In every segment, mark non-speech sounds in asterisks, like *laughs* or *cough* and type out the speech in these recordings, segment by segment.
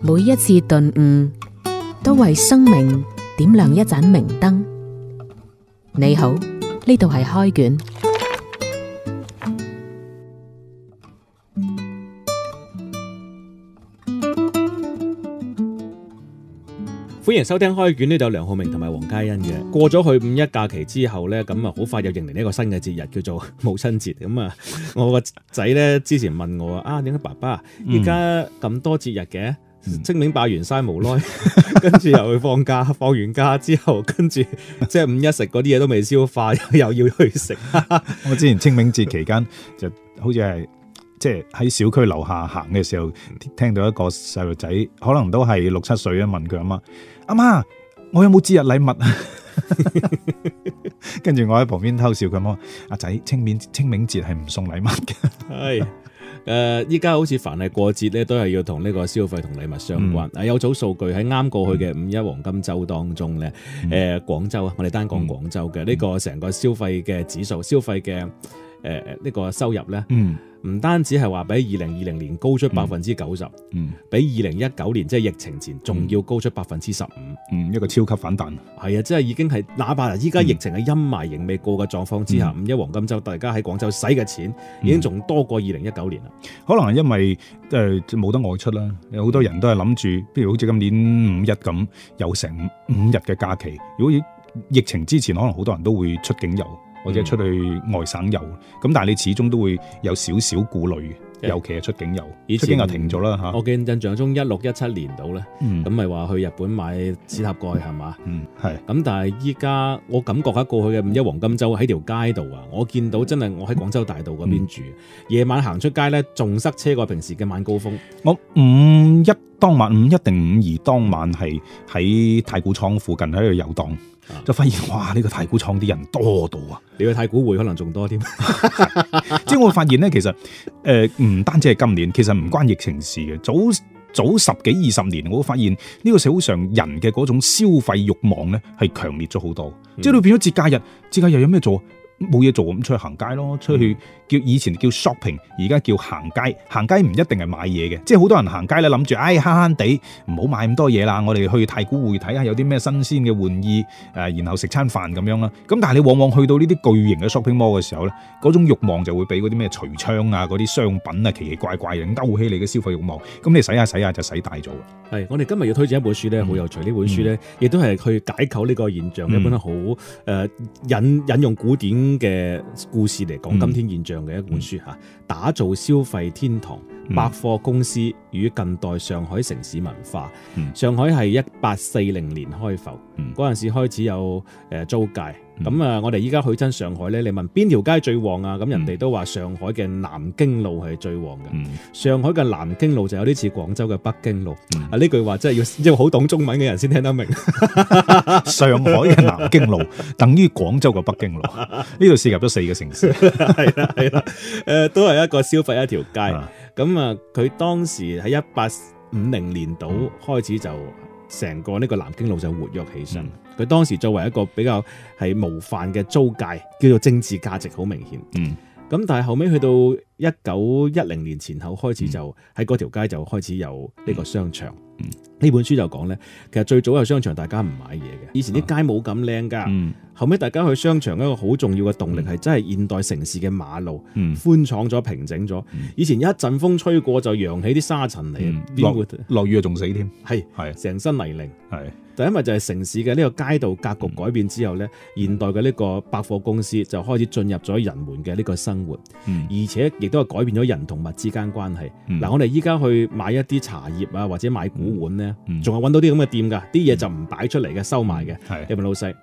每一次頓悟，都為生命點亮一盞明燈。你好，呢度係開卷。之前收聽開卷咧就有梁浩明、同埋黃嘉欣嘅。過咗去五一假期之後咧，咁啊好快又迎嚟呢個新嘅節日叫做母親節。咁啊，我個仔咧之前問我啊，點解爸爸而家咁多節日嘅？嗯？清明拜完山無耐， *laughs* 跟住又去放假， *laughs* 放完假之後，跟住即係五一食嗰啲嘢都未消化，又要去食。 *laughs* 我之前清明節期間就好似係。即係喺小區樓下行嘅時候，聽到一個細路仔，可能都係六七歲啊，問佢阿媽：阿媽，我有冇節日禮物啊？跟住我喺旁邊偷笑，佢阿媽，阿仔，清明清明節係唔送禮物嘅。係，誒，依家好似凡係過節咧，都係要同呢個消費同禮物相關。有組數據喺啱過去嘅五一黃金週當中咧，誒，廣州啊，我哋單講廣州嘅呢個成個消費嘅指數，消費嘅。誒、呃、呢、這個收入咧，唔、嗯、單止係話比二零二零年高出百分之九十，比二零一九年即係、就是、疫情前仲、嗯、要高出百分之十五，一個超級反彈。係啊，即係已經係哪怕依家疫情嘅陰霾仍未過嘅狀況之下、嗯，五一黃金周大家喺廣州使嘅錢已經仲多過二零一九年啦。可能因為誒冇、呃、得外出啦，好多人都係諗住，譬如好似今年五一咁有成五日嘅假期，如果疫情之前可能好多人都會出境遊。或者出去外省遊，咁、嗯、但係你始終都會有少少顧慮，尤其係出境遊，出境又停咗啦嚇。我嘅印象中 16,，一六一七年到咧，咁咪話去日本買紙盒蓋係嘛？係、嗯。咁但係依家我感覺喺過去嘅五一黃金周喺條街度啊，我見到真係我喺廣州大道嗰邊住，夜、嗯、晚行出街咧，仲塞車過平時嘅晚高峰。我五一當晚，五一定五二當晚係喺太古倉附近喺度遊蕩。就發現哇！呢、這個太古倉啲人多到啊，你去太古匯可能仲多啲。即 *laughs* 係 *laughs* 我發現咧，其實誒唔單止係今年，其實唔關疫情事嘅。早早十幾二十年，我都發現呢個社會上人嘅嗰種消費慾望咧係強烈咗好多。即係到變咗節假日，節假日有咩做？冇嘢做咁出去行街咯，出去叫以前叫 shopping，而家叫行街。行街唔一定係買嘢嘅，即係好多人行街咧，諗住，唉慳慳地唔好買咁多嘢啦。我哋去太古匯睇下有啲咩新鮮嘅玩意，誒，然後食餐飯咁樣啦。咁但係你往往去到呢啲巨型嘅 shopping mall 嘅時候咧，嗰種慾望就會俾嗰啲咩櫥窗啊、嗰啲商品啊、奇奇怪怪嘅勾起你嘅消費慾望。咁你洗下洗下就洗大咗。係我哋今日要推薦一本書咧，好有趣呢、嗯、本書咧，亦都係去解構呢個現象，嗯、一般好誒、呃、引引用古典。嘅故事嚟講，今天現象嘅一本書吓、嗯嗯，打造消費天堂，嗯、百貨公司與近代上海城市文化。嗯、上海係一八四零年開埠，陣、嗯、時開始有誒租界。咁、嗯、啊，我哋依家去親上海咧，你問邊條街最旺啊？咁、嗯、人哋都話上海嘅南京路係最旺嘅、嗯。上海嘅南京路就有啲似廣州嘅北京路。嗯、啊，呢句話真係要要好懂中文嘅人先聽得明。嗯、 *laughs* 上海嘅南京路 *laughs* 等於廣州嘅北京路。呢度涉及咗四個城市。係啦， *laughs* 係啦、呃，都係一個消費一條街。咁啊，佢、呃、當時喺一八五零年度、嗯、開始就成個呢個南京路就活躍起身。嗯。佢當時作為一個比較係模範嘅租界，叫做政治價值好明顯。嗯，咁但係後尾去到，一九一零年前後開始就喺嗰條街就開始有呢個商場、嗯。呢本書就講呢，其實最早有商場大家唔買嘢嘅，以前啲街冇咁靚噶。嗯，後尾大家去商場一個好重要嘅動力係真係現代城市嘅馬路，嗯，寬敞咗、平整咗、嗯。以前一陣風吹過就揚起啲沙塵嚟、嗯，落雨啊仲死添，係、嗯、成身泥濘。係，但係因為就係城市嘅呢個街道格局改變之後呢、嗯，現代嘅呢個百貨公司就開始進入咗人們嘅呢個生活，嗯、而且。亦都係改變咗人同物之間關係。嗱、嗯，我哋依家去買一啲茶葉啊，或者買古玩咧，仲係揾到啲咁嘅店噶，啲、嗯、嘢就唔擺出嚟嘅、嗯，收埋嘅。係，有冇老細？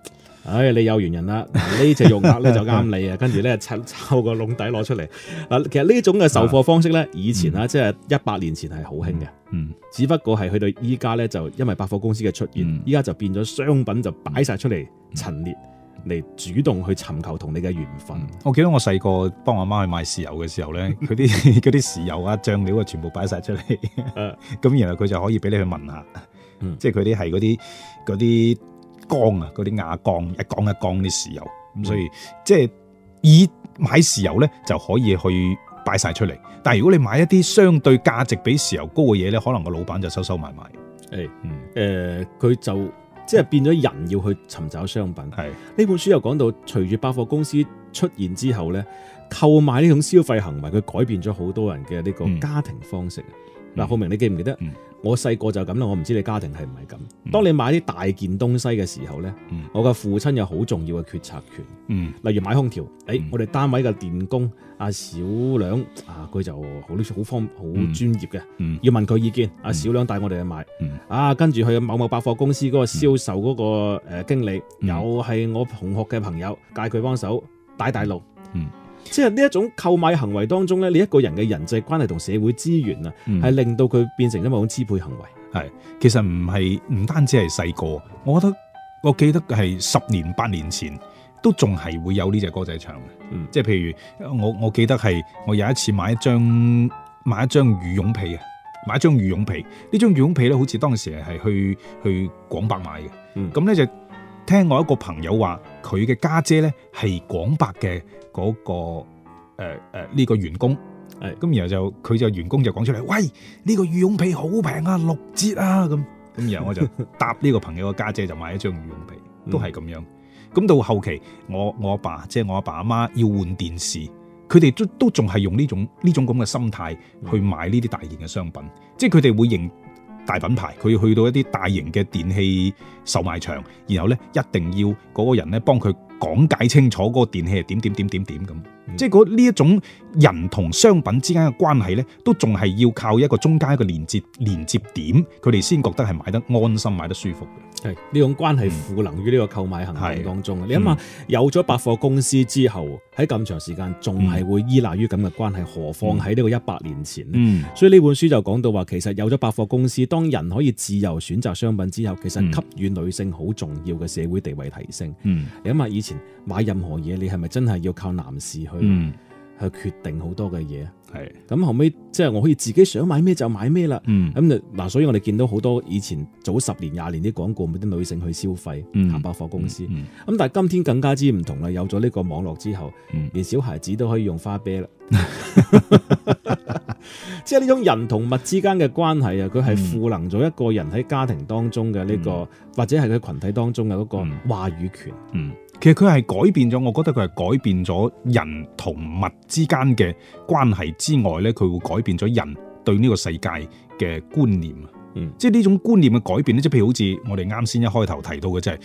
唉、哎，你有緣人啦， *laughs* *laughs* 呢隻玉鐲咧就啱你啊。跟住咧，摻抽個籠底攞出嚟。嗱，其實呢種嘅售貨方式咧、嗯，以前啊，即係一百年前係好興嘅。只不過係去到依家咧，就因為百貨公司嘅出現，依、嗯、家就變咗商品就擺晒出嚟、嗯、陳列。嚟主動去尋求同你嘅緣分、嗯。我記得我細個幫阿媽去買豉油嘅時候咧，佢啲嗰啲豉油啊、醬料啊，全部擺晒出嚟。咁 *laughs* 然後佢就可以俾你去聞下。嗯、即係佢啲係嗰啲嗰啲缸啊，嗰啲瓦缸一缸一缸啲豉油。咁、嗯、所以即係、就是、以買豉油咧，就可以去擺晒出嚟。但係如果你買一啲相對價值比豉油高嘅嘢咧，可能個老闆就收收埋埋。誒、嗯。誒、欸，佢、呃、就。即係變咗人要去尋找商品。係呢本書又講到，隨住百貨公司出現之後呢，購買呢種消費行為，佢改變咗好多人嘅呢個家庭方式。嗱，嗯，浩明你記唔記得？嗯我細個就咁啦，我唔知你家庭係唔係咁。當你買啲大件東西嘅時候呢，嗯，我嘅父親有好重要嘅決策權，嗯。例如買空調，誒，嗯哎，我哋單位嘅電工阿小梁啊，佢就好好方好專業嘅，嗯，要問佢意見。阿，嗯啊，小梁帶我哋去買，嗯，啊，跟住去某某百貨公司嗰個銷售嗰個經經理，嗯，又係我同學嘅朋友，嗌佢幫手帶帶路。嗯即係呢一種購買行為當中咧，你一個人嘅人際關係同社會資源啊，係、嗯、令到佢變成一種支配行為。係，其實唔係唔單止係細個，我覺得我記得係十年八年前都仲係會有呢隻歌仔唱嘅、嗯。即係譬如我我記得係我有一次買一張買一張羽絨被嘅，買一張羽絨被。呢張羽絨被咧，好似當時係去去廣百買嘅。嗯，咁咧就聽我一個朋友話。佢嘅家姐咧係廣百嘅嗰個誒誒呢個員工，咁、嗯、然後就佢就員工就講出嚟，喂呢、呢個羽絨被好平啊，六折啊咁，咁然後我就搭呢個朋友嘅家姐，姐就買一張羽絨被，都係咁樣。咁、嗯、到後期我我阿爸即係、即係、我阿爸阿媽，媽要換電視，佢哋都都仲係用呢種呢種咁嘅心態去買呢啲大型嘅商品，即係佢哋會認。大品牌佢去到一啲大型嘅電器售賣場，然後呢，一定要嗰個人呢幫佢講解清楚嗰個電器係點點點點點，咁，即係嗰呢一種人同商品之間嘅關係呢，都仲係要靠一個中間一個連接連接點，佢哋先覺得係買得安心、買得舒服嘅。係呢種關係賦能於呢個購買行為當中、嗯、你諗下，有咗百貨公司之後，喺咁長時間仲係會依賴於咁嘅關係、嗯？何況喺呢個一百年前、嗯、所以呢本書就講到話，其實有咗百貨公司，當人可以自由選擇商品之後，其實給予女性好重要嘅社會地位提升。嗯、你諗下，以前買任何嘢，你係咪真係要靠男士去、嗯、去決定好多嘅嘢？係咁後尾，即、就、係、是、我可以自己想買咩就買咩啦，咁就嗱，所以我哋見到好多以前早十年廿年啲廣告，咪啲女性去消費，行百、嗯、貨公司，咁、嗯嗯、但係今天更加之唔同啦，有咗呢個網絡之後，連、嗯、小孩子都可以用花唄啦，即係呢種人同物之間嘅關係啊，佢係賦能咗一個人喺家庭當中嘅呢、這個、嗯，或者係佢群體當中嘅嗰個話語權，嗯。嗯其實佢係改變咗，我覺得佢係改變咗人同物之間嘅關係之外咧，佢會改變咗人對呢個世界嘅觀念。嗯，即係呢種觀念嘅改變咧，即係譬如好似我哋啱先一開頭提到嘅，就係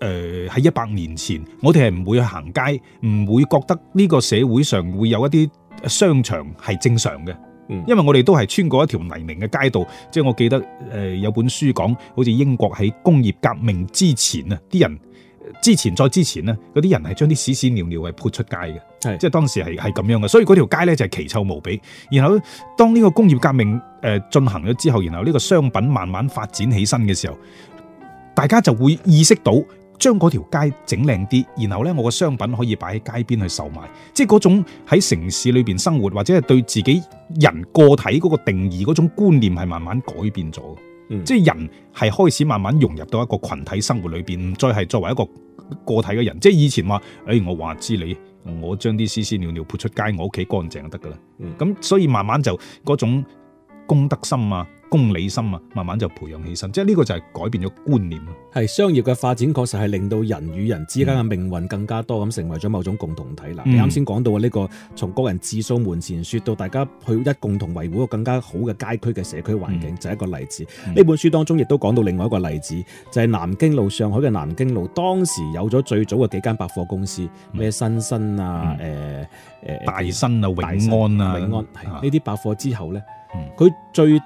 誒喺一百年前，我哋係唔會去行街，唔會覺得呢個社會上會有一啲商場係正常嘅，嗯。因為我哋都係穿過一條泥濘嘅街道。即係我記得誒，呃，有本書講，好似英國喺工業革命之前啊，啲人。之前再之前呢，嗰啲人係將啲屎屎尿尿係潑出街嘅，即係當時係係咁樣嘅，所以嗰條街呢，就係奇臭無比。然後當呢個工業革命誒進行咗之後，然後呢個商品慢慢發展起身嘅時候，大家就會意識到將嗰條街整靚啲，然後呢，我個商品可以擺喺街邊去售賣，即係嗰種喺城市裏邊生活或者係對自己人個體嗰個定義嗰種觀念係慢慢改變咗。即係人係開始慢慢融入到一個群體生活裏邊，唔再係作為一個個體嘅人。即係以前話，誒、哎，我話知你，我將啲屎屎尿尿潑出街，我屋企乾淨就得噶啦。咁、嗯、所以慢慢就嗰種公德心啊。公理心啊，慢慢就培養起身，即係呢個就係改變咗觀念。係商業嘅發展，確實係令到人與人之間嘅命運更加多咁、嗯，成為咗某種共同體。啦、嗯。你啱先講到嘅呢個從個人自掃門前雪到大家去一共同維護一個更加好嘅街區嘅社區環境，嗯、就係、一個例子。呢、嗯、本書當中亦都講到另外一個例子，就係、係、南京路上海嘅南京路，當時有咗最早嘅幾間百貨公司，咩、嗯、新新啊，誒、嗯、誒、呃、大新啊，永安啊，永安呢啲百貨之後咧，佢、嗯、最。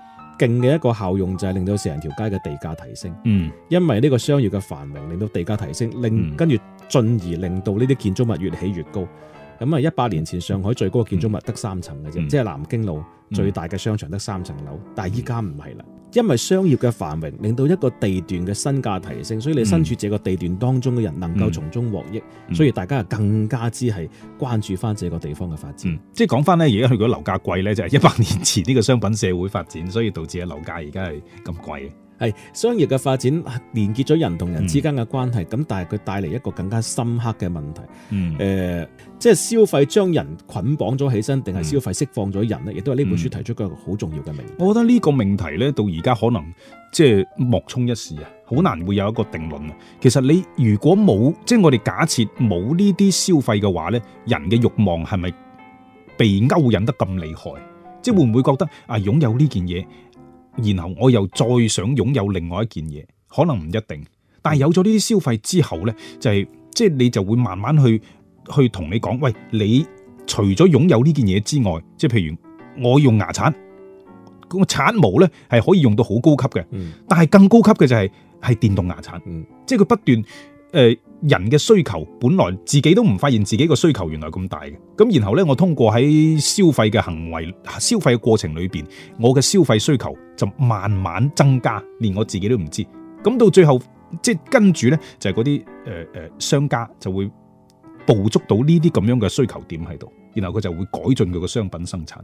勁嘅一個效用就係令到成條街嘅地價提升，嗯、因為呢個商業嘅繁榮令到地價提升，令、嗯、跟住進而令到呢啲建築物越起越高。咁啊！一百年前上海最高嘅建築物得三層嘅啫，即係南京路最大嘅商場、嗯、得三層樓，但係依家唔係啦，因為商業嘅繁榮令到一個地段嘅身價提升，所以你身處這個地段當中嘅人能夠從中獲益，嗯，所以大家更加之係關注翻這個地方嘅發展。嗯、即係講翻咧，而家如果樓價貴咧，就係一百年前呢個商品社會發展，所以導致嘅樓價而家係咁貴。係商業嘅發展連結咗人同人之間嘅關係，咁、嗯、但係佢帶嚟一個更加深刻嘅問題。誒、嗯，即、呃、係、就是、消費將人捆綁咗起身，定係消費釋放咗人咧？亦都係呢本書提出一個好重要嘅命題、嗯。我覺得呢個命題咧，到而家可能即係、就是、莫衷一是啊，好難會有一個定論啊。其實你如果冇即係我哋假設冇呢啲消費嘅話呢，人嘅欲望係咪被勾引得咁厲害？即、嗯、係會唔會覺得啊，擁有呢件嘢？然後我又再想擁有另外一件嘢，可能唔一定，但係有咗呢啲消費之後呢，就係即係你就會慢慢去去同你講，喂，你除咗擁有呢件嘢之外，即係譬如我用牙刷，咁個刷毛呢係可以用到好高級嘅，但係更高級嘅就係係電動牙刷、嗯，即係佢不斷。誒、呃，人嘅需求本來自己都唔發現自己個需求原來咁大嘅，咁然後呢，我通過喺消費嘅行為、消費嘅過程裏邊，我嘅消費需求就慢慢增加，連我自己都唔知。咁到最後，即係跟住呢，就係嗰啲誒誒商家就會捕捉到呢啲咁樣嘅需求點喺度，然後佢就會改進佢個商品生產。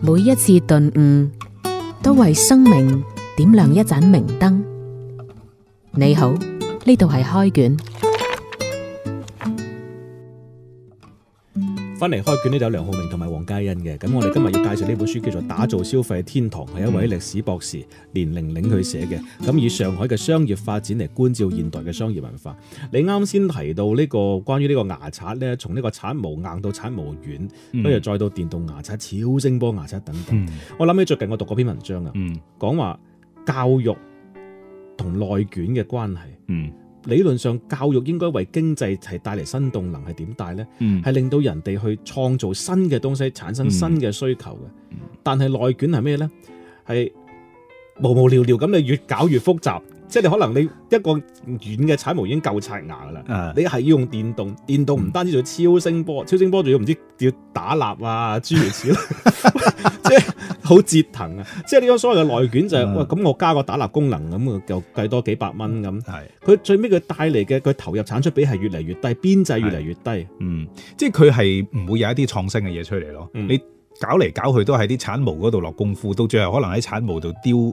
每一次頓悟，都為生命。點亮一盞明燈。你好，呢度係開卷。翻嚟開卷呢就有梁浩明同埋黃嘉欣嘅。咁我哋今日要介紹呢本書，叫做《打造消費天堂》，係一位歷史博士連玲玲佢寫嘅。咁以上海嘅商業發展嚟觀照現代嘅商業文化。你啱先提到呢、呢個關於呢個牙刷呢，從呢個刷毛硬到刷毛軟，跟、嗯、住再到電動牙刷、超聲波牙刷等等。嗯、我諗起最近我讀嗰篇文章啊，講、嗯、話。教育同內卷嘅關係，嗯，理論上教育應該為經濟係帶嚟新動能，係點帶呢？係、嗯、令到人哋去創造新嘅東西，產生新嘅需求嘅、嗯嗯。但係內卷係咩呢？係無無聊聊咁，你越搞越複雜。即係你可能你一個軟嘅產毛已經夠刷牙噶啦，你係要用電動，電動唔單止做超聲波，嗯、超聲波仲要唔知要打蠟啊諸如此類， *laughs* 即係好折騰啊！即係呢種所謂嘅內卷就係、是、喂，咁、嗯哎、我加個打蠟功能咁，就計多幾百蚊咁。係、嗯，佢最尾佢帶嚟嘅佢投入產出比係越嚟越低，邊際越嚟越低是。嗯，即係佢係唔會有一啲創新嘅嘢出嚟咯、嗯。你搞嚟搞去都喺啲產毛嗰度落功夫，到最後可能喺產毛度丟。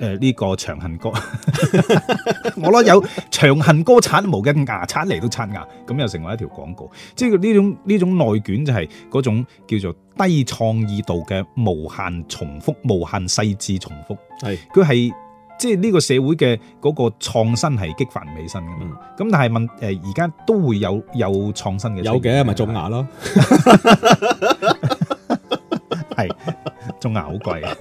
誒、呃、呢、這個長恨歌， *laughs* 我攞有長恨歌刷毛嘅牙刷嚟到刷牙，咁又成為一條廣告。即係呢種呢種內卷就係嗰種叫做低創意度嘅無限重複、無限細緻重複。係，佢係即係呢個社會嘅嗰個創新係激發唔起身㗎嘛。咁、嗯、但係問誒，而、呃、家都會有有創新嘅，有嘅咪種牙咯。係。 *laughs* *laughs* 種牙好貴啊！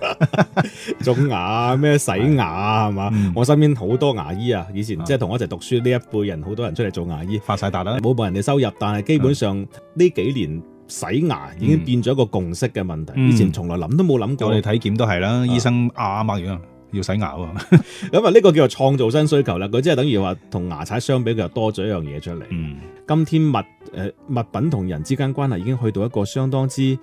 *laughs* 種牙咩洗牙係嘛，嗯？我身邊好多牙醫啊，以前即係同我一齊讀書呢一輩人，好多人出嚟做牙醫，發晒達啦，冇冇人哋收入，但係基本上呢幾年洗牙已經變咗一個共識嘅問題。嗯、以前從來諗都冇諗過。嗯、我哋體檢都係啦，醫生啱啱要要洗牙啊。咁、嗯、啊，呢 *laughs* 個叫做創造新需求啦。佢即係等於話同牙刷相比，佢又多咗一樣嘢出嚟，嗯。今天物誒、呃、物品同人之間關係已經去到一個相當之。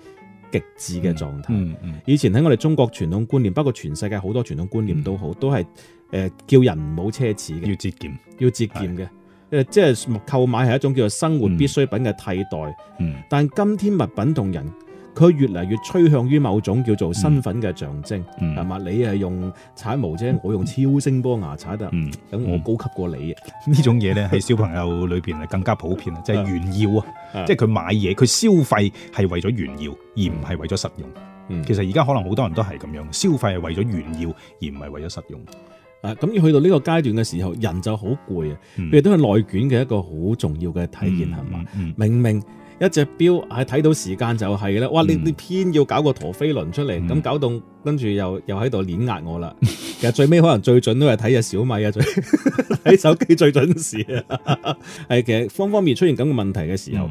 極致嘅狀態。嗯嗯嗯、以前喺我哋中國傳統觀念，包括全世界好多傳統觀念都好，嗯、都係誒、呃、叫人唔好奢侈嘅，要節儉，要節儉嘅。誒即係購買係一種叫做生活必需品嘅替代、嗯嗯。但今天物品同人。佢越嚟越趨向於某種叫做身份嘅象徵，係、嗯、嘛？你係用踩毛啫、嗯，我用超聲波牙踩得，等、嗯、我高級過你。呢、嗯嗯、種嘢咧，喺小朋友裏邊係更加普遍， *laughs* 就係炫耀啊！即係佢買嘢，佢消費係為咗炫耀，而唔係為咗實用。嗯、其實而家可能好多人都係咁樣，消費係為咗炫耀，而唔係為咗實用。啊、嗯，咁要去到呢個階段嘅時候，人就好攰啊，佢哋都係內卷嘅一個好重要嘅體現，係、嗯、嘛？明明。一隻表係睇到時間就係、是、啦，哇！你你偏要搞個陀飛輪出嚟，咁、嗯、搞到跟住又又喺度碾壓我啦。 *laughs* 其實最尾可能最準都係睇隻小米啊，睇 *laughs* 手機最準時啊。係其實方方面出現咁嘅問題嘅時候，物、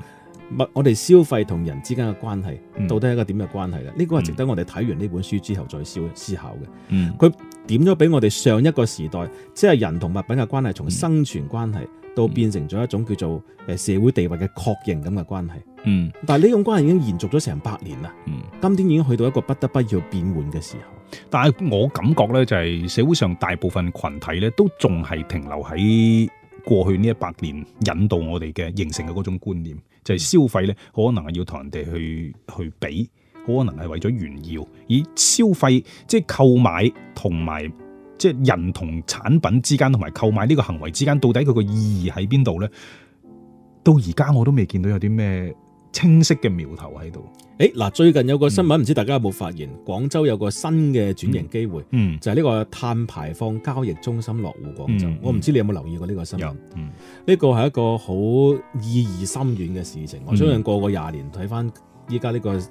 嗯、我哋消費同人之間嘅關係到底係一、嗯這個點嘅關係咧？呢個係值得我哋睇完呢本書之後再思思考嘅。嗯，佢點咗俾我哋上一個時代，即、就、係、是、人同物品嘅關係，從生存關係。嗯都變成咗一種叫做誒社會地位嘅確認咁嘅關係，嗯，但係呢種關係已經延續咗成百年啦，嗯，今天已經去到一個不得不要變換嘅時候。但係我感覺咧，就係社會上大部分群體咧，都仲係停留喺過去呢一百年引導我哋嘅形成嘅嗰種觀念，就係消費咧，可能係要同人哋去去比，可能係為咗炫耀，而消費即係購買同埋。即係人同產品之間，同埋購買呢個行為之間，到底佢個意義喺邊度呢？到而家我都未見到有啲咩清晰嘅苗頭喺度。誒，嗱，最近有個新聞，唔、嗯、知大家有冇發現？廣州有個新嘅轉型機會，嗯、就係、是、呢個碳排放交易中心落戶廣州。嗯、我唔知你有冇留意過呢個新聞？呢個係一個好意義深遠嘅事情。我相信過，過、這個廿年睇返，依家呢個誒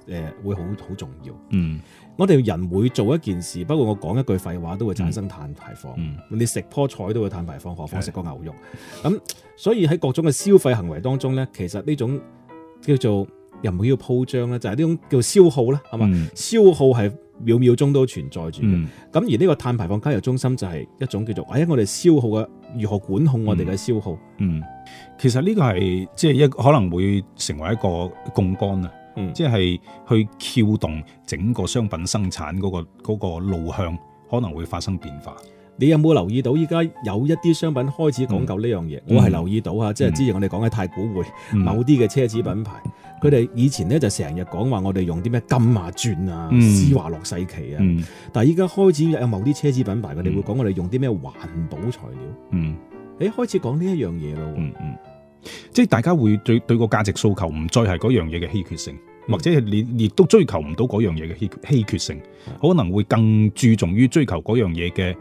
會好好重要。嗯。我哋人每做一件事，包括我講一句廢話都會產生碳排放。嗯嗯、你食棵菜都會碳排放，何況食個牛肉咁？所以喺各種嘅消費行為當中咧，其實呢種叫做又唔會叫鋪張咧，就係、是、呢種叫消耗啦，係嘛、嗯？消耗係秒秒鐘都存在住嘅。咁、嗯、而呢個碳排放交易中心就係一種叫做，哎我哋消耗嘅如何管控我哋嘅消耗。嗯，嗯其實呢個係即係一可能會成為一個槓桿啊。嗯、即係去撬動整個商品生產嗰、嗰個、嗰個路向，可能會發生變化。你有冇留意到依家有一啲商品開始講究呢樣嘢？我係留意到啊、嗯，即係之前我哋講嘅太古匯、嗯，某啲嘅奢侈品牌，佢、嗯、哋以前咧就成日講話我哋用啲咩金馬鑽啊、鑽、嗯、啊、施華洛世奇啊，嗯、但係依家開始有某啲奢侈品牌，佢、嗯、哋會講我哋用啲咩環保材料。嗯，誒、欸，開始講呢一樣嘢咯。嗯嗯。即係大家會對對個價值訴求唔再係嗰樣嘢嘅稀缺性，或者你亦都追求唔到嗰樣嘢嘅稀稀缺性，可能會更注重於追求嗰樣嘢嘅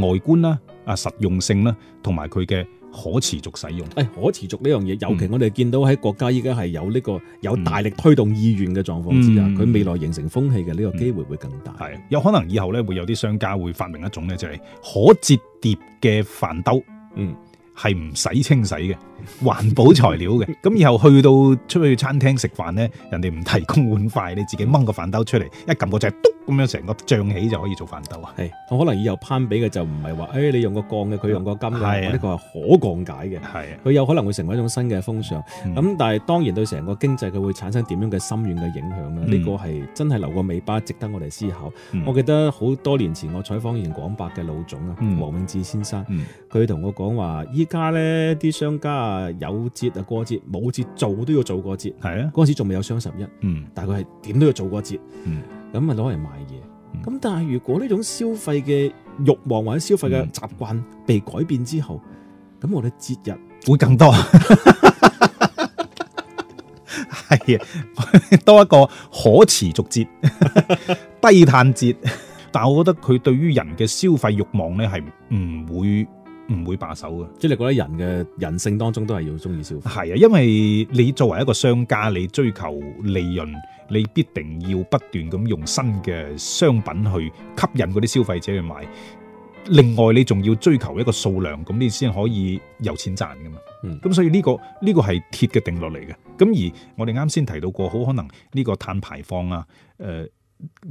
外觀啦，啊，實用性啦，同埋佢嘅可持續使用。誒、哎，可持續呢樣嘢，尤其我哋見到喺國家依家係有呢個有大力推動意願嘅狀況之下，佢、嗯、未來形成風氣嘅呢個機會會更大。係、嗯，有、嗯、可能以後咧會有啲商家會發明一種咧就係可折疊嘅飯兜。嗯。係唔使清洗嘅，環保材料嘅，咁 *laughs* 以後去到出去餐廳食飯咧，人哋唔提供碗筷，你自己掹個飯兜出嚟，一撳個掣。咁樣成個漲起就可以做飯兜啊？係，我可能以後攀比嘅就唔係話，誒、欸、你用，鋼用個鋼嘅，佢用個金嘅，呢個係可降解嘅。係，佢有可能會成為一種新嘅風尚。咁、嗯、但係當然對成個經濟佢會產生點樣嘅深遠嘅影響呢，呢個係真係留個尾巴，值得我哋思考。嗯、我記得好多年前我採訪完廣百嘅老總啊，黃、嗯、永志先生，佢、嗯、同我講話，依家呢啲商家啊，有節啊過節，冇節做都要做過節。係啊，嗰陣時仲未有雙十一，但係佢係點都要做過節。嗯咁咪攞嚟買嘢，咁但係如果呢種消費嘅欲望或者消費嘅習慣被改變之後，咁、嗯、我哋節日會更多，係 *laughs* 啊， *laughs* 多一個可持續節、低碳節，但係我覺得佢對於人嘅消費欲望咧係唔會。唔會罷手嘅，即係你覺得人嘅人性當中都係要中意消費。係啊，因為你作為一個商家，你追求利潤，你必定要不斷咁用新嘅商品去吸引嗰啲消費者去買。另外，你仲要追求一個數量，咁你先可以有錢賺噶嘛。咁、嗯、所以呢、呢個呢、呢個係鐵嘅定律嚟嘅。咁而我哋啱先提到過，好可能呢個碳排放啊，誒、呃。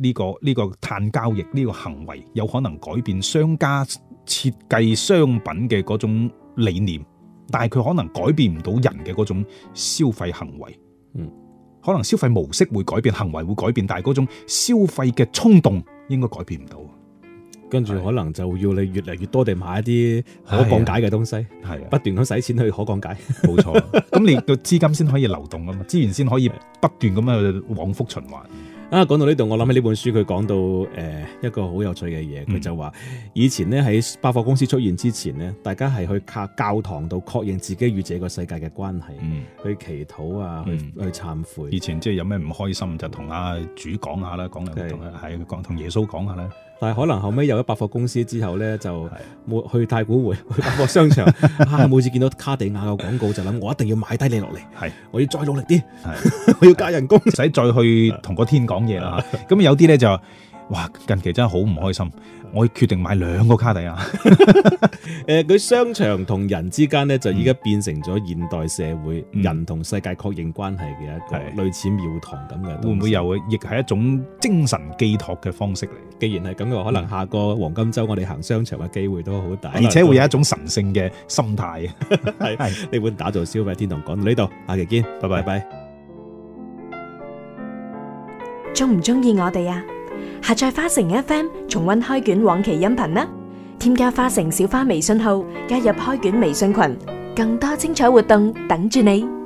呢、個呢個碳交易呢個行為有可能改變商家設計商品嘅嗰種理念，但係佢可能改變唔到人嘅嗰種消費行為。嗯，可能消費模式會改變，行為會改變，但係嗰種消費嘅衝動應該改變唔到。跟住可能就要你越嚟越多地買一啲可降解嘅東西，係、啊啊啊、不斷咁使錢去可降解。冇錯，咁 *laughs* 你個資金先可以流動啊嘛，資源先可以不斷咁樣往復循環。啊，講到呢度，我諗起呢本書佢講到，呃，一個好有趣嘅嘢，佢、嗯、就話以前咧喺百貨公司出現之前咧，大家係去靠教堂度確認自己與這個世界嘅關係，嗯，去祈禱啊，嗯、去去懺悔。以前即係有咩唔開心就同阿主講下啦，講又同同耶穌講下啦。但係可能後尾有咗百貨公司之後咧，就冇去太古匯、去百貨商場啊！ *laughs* 每次見到卡地亞嘅廣告就諗，我一定要買低你落嚟，係我要再努力啲， *laughs* 我要加人工，使再去同個天講嘢啦。咁有啲咧就。哇！近期真係好唔開心，我決定買兩個卡地亞！誒、 *laughs* *laughs* 呃，佢商場同人之間呢，就依家變成咗現代社會人同世界確認關係嘅一個類似廟堂咁嘅，會唔會又會？亦係一種精神寄託嘅方式嚟。既然係咁嘅話，可能下個黃金周我哋行商場嘅機會都好大，而且會有一種神聖嘅心態。係 *laughs* 呢本打造消費天堂，講到呢度，下期見，拜拜拜拜。中唔中意我哋啊？下載花城 FM 重溫開卷往期音頻啦！添加花城小花微信號，加入開卷微信群，更多精彩活動等住你。